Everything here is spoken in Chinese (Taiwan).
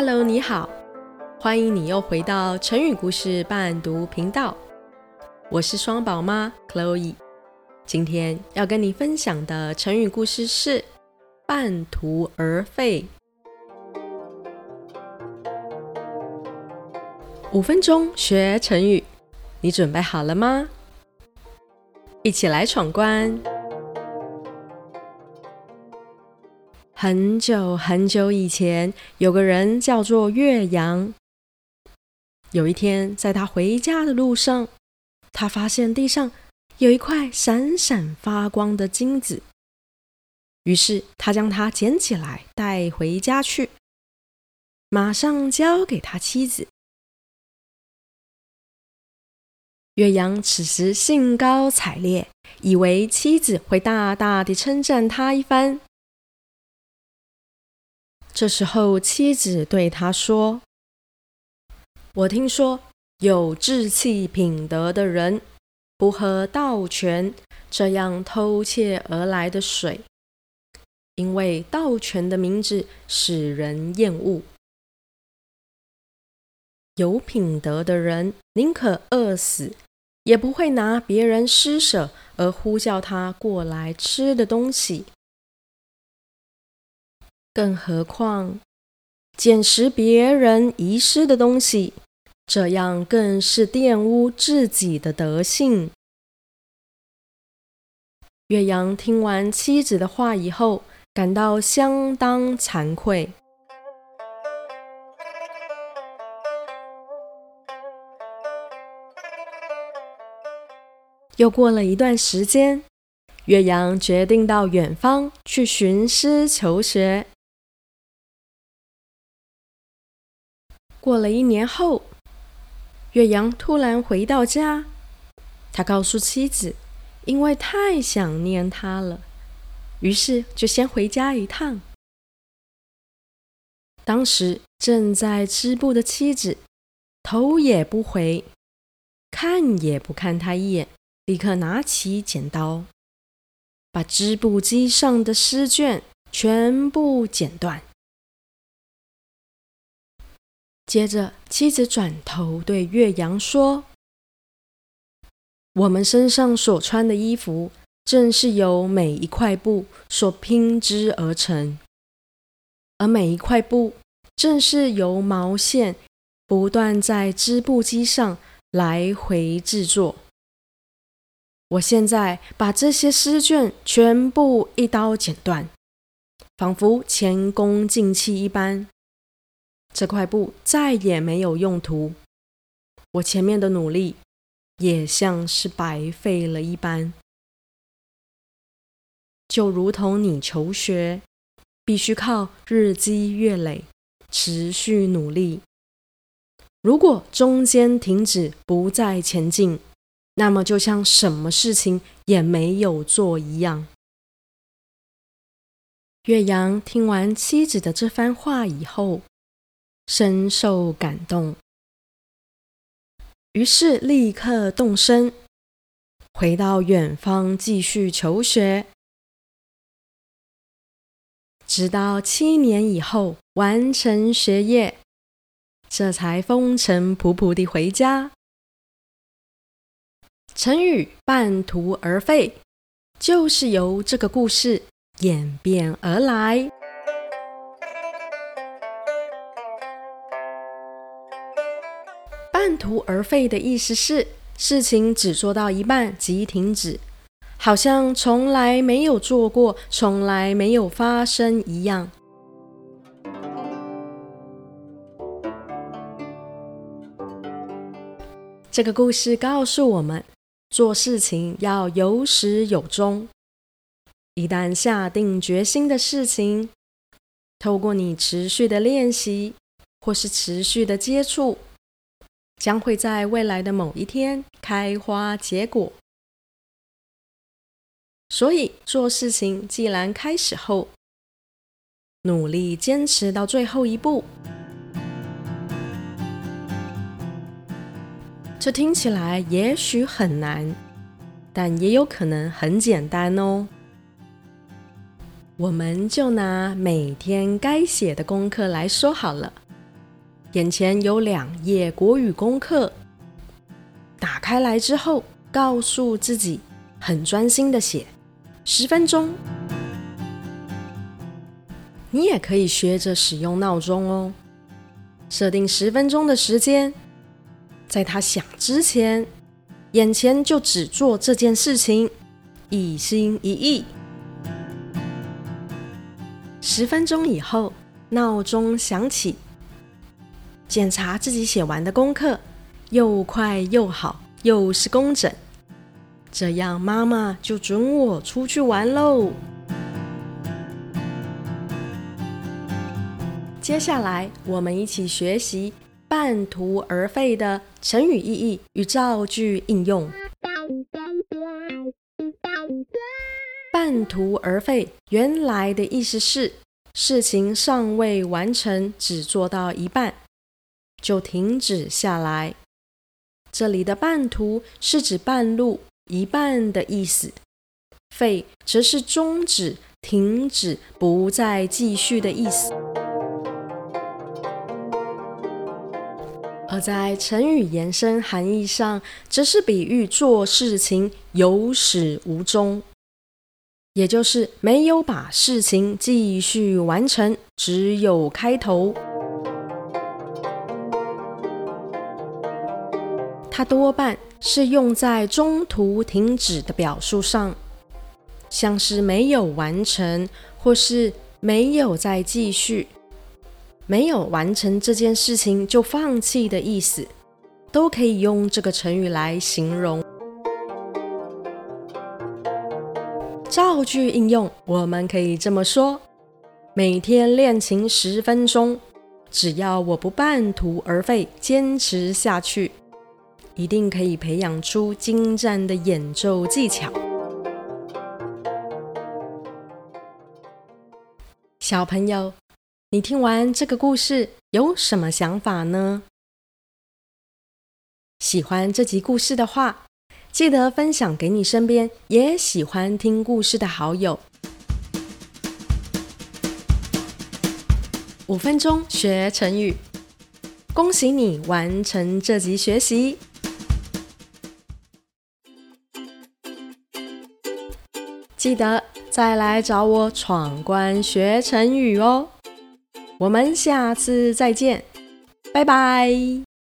Hello，你好，歡迎你又回到成語故事伴讀頻道。我是雙寶媽 Chloe，今天要跟你分享的成語故事是“半途而廢”。五分鐘學成語，你準備好了嗎？一起來闖關！很久很久以前，有個人叫做樂羊。有一天，在他回家的路上，他發現地上有一塊閃閃發光的金子，於是他將它撿起來帶回家去，馬上交給他妻子。樂羊此時興高采烈，以為妻子會大大的稱讚他一番。這時候，妻子對他說：“我聽說，有志氣、品德的人不喝盜泉這樣偷竊而來的水，因為盜泉的名字使人厭惡。有品德的人寧可餓死，也不會拿別人施舍而呼叫他過來吃的東西。”更何況撿拾別人遺失的東西，這樣更是玷污自己的德性。樂羊聽完妻子的話以後，感到相當慚愧。又過了一段時間，樂羊決定到遠方去尋師求學。過了一年後，樂羊突然回到家，他告訴妻子：“因為太想念他了，於是就先回家一趟。”當時正在織布的妻子，頭也不回，看也不看他一眼，立刻拿起剪刀，把織布機上的絲絹全部剪斷。接着，妻子轉頭對樂羊說：“我們身上所穿的衣服，正是由每一塊布所拼織而成；而每一塊布，正是由毛線不斷在織布機上來回製作。我現在把這些絲卷全部一刀剪斷，仿佛前功盡棄一般。”這塊布再也沒有用途，我前面的努力也像是白費了一般。就如同你求學，必須靠日積月累、持續努力。如果中間停止不再前進，那麼就像什麼事情也沒有做一樣。樂羊聽完妻子的這番話以後，深受感動，於是立刻動身，回到遠方繼續求學，直到七年以後完成學業，這才風塵僕僕的回家。成語“半途而廢”，就是由這個故事演變而來。半途而廢的意思是事情只做到一半即停止，好像從來沒有做過，從來沒有發生一樣。這個故事告訴我們，做事情要有始有終。一旦下定決心的事情，透過你持續的練習或是持續的接觸。將會在未來的某一天開花結果。所以，做事情既然開始後，努力堅持到最後一步，這聽起來也許很難，但也有可能很簡單哦。我們就拿每天該寫的功課來說好了。眼前有兩頁國語功課，打開來之後，告訴自己很專心的寫十分鐘。你也可以學着使用鬧鐘哦，設定十分鐘的時間，在它響之前，眼前就只做這件事情，一心一意。十分鐘以後，鬧鐘響起。檢查自己寫完的功課，又快又好，又是工整，這樣媽媽就准我出去玩嘍。接下來，我們一起學習“半途而廢”的成語意義與造句應用。“半途而廢”原來的意思是事情尚未完成，只做到一半，就停止下來。這裡的“半途”是指半路、一半的意思，“廢”則是終止、停止、不再繼續的意思。而在成語延伸含義上，則是比喻做事情有始無終，也就是沒有把事情繼續完成，只有開頭。它多半是用在中途停止的表述上，像是沒有完成，或是沒有再繼續，沒有完成這件事情就放棄的意思，都可以用這個成語來形容。造句應用，我們可以這麼說：每天練琴十分鐘，只要我不半途而廢，堅持下去。一定可以培養出精湛的演奏技巧。小朋友，你聽完這個故事有什麼想法呢？喜歡這集故事的話，記得分享給你身邊也喜歡聽故事的好友。五分鐘學成語，恭喜你完成這集學習！記得再來找我闖關學成語哦！我們下次再見，拜拜！